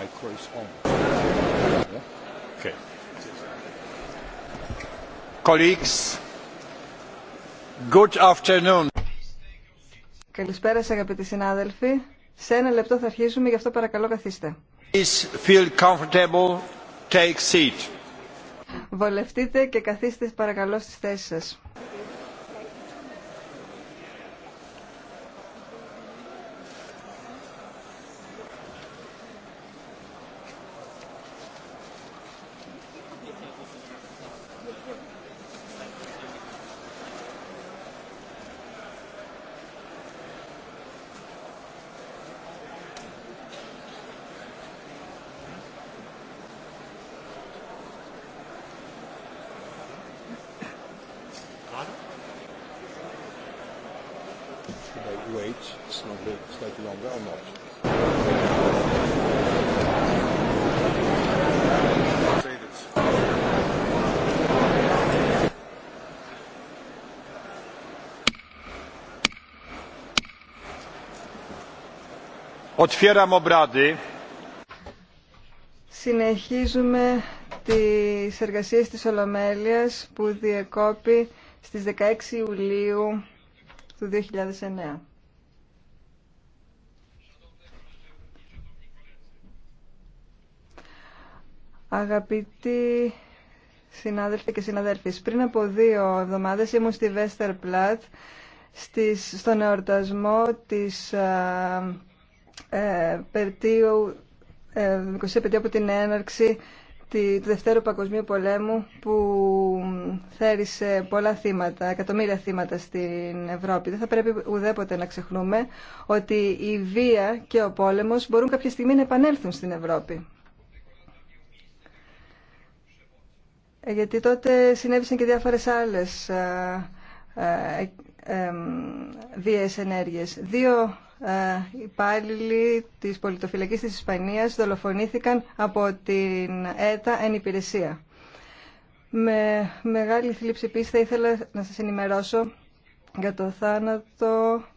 Καλησπέρα σας αγαπητοί συνάδελφοι. Σε ένα λεπτό θα αρχίσουμε, γι' αυτό παρακαλώ καθίστε. Βολευτείτε και καθίστε παρακαλώ στις θέσεις σας. Should I wait slightly longer or not? Otwieram obrady. Συνεχίζουμε τις εργασίες της Ολομέλειας που διεκόπη στις 16 Ιουλίου του 2009. Αγαπητοί συνάδελφοι και συναδέλφοι, πριν από δύο εβδομάδες ήμουν στη Βέστερ Πλάτ στον εορτασμό της ε, ε, περτίου, ε, 20 από την έναρξη του Δευτέρου Παγκοσμίου Πολέμου που θέρισε πολλά θύματα, εκατομμύρια θύματα στην Ευρώπη. Δεν θα πρέπει ουδέποτε να ξεχνούμε ότι η βία και ο πόλεμος μπορούν κάποια στιγμή να επανέλθουν στην Ευρώπη. Ε, γιατί τότε συνέβησαν και διάφορες άλλες ε, ε, βίαιες ενέργειες. Δύο ε, υπάλληλοι της πολιτοφυλακής της Ισπανίας δολοφονήθηκαν από την ΕΤΑ εν υπηρεσία. Με μεγάλη θλίψη επίσης θα ήθελα να σας ενημερώσω για το θάνατο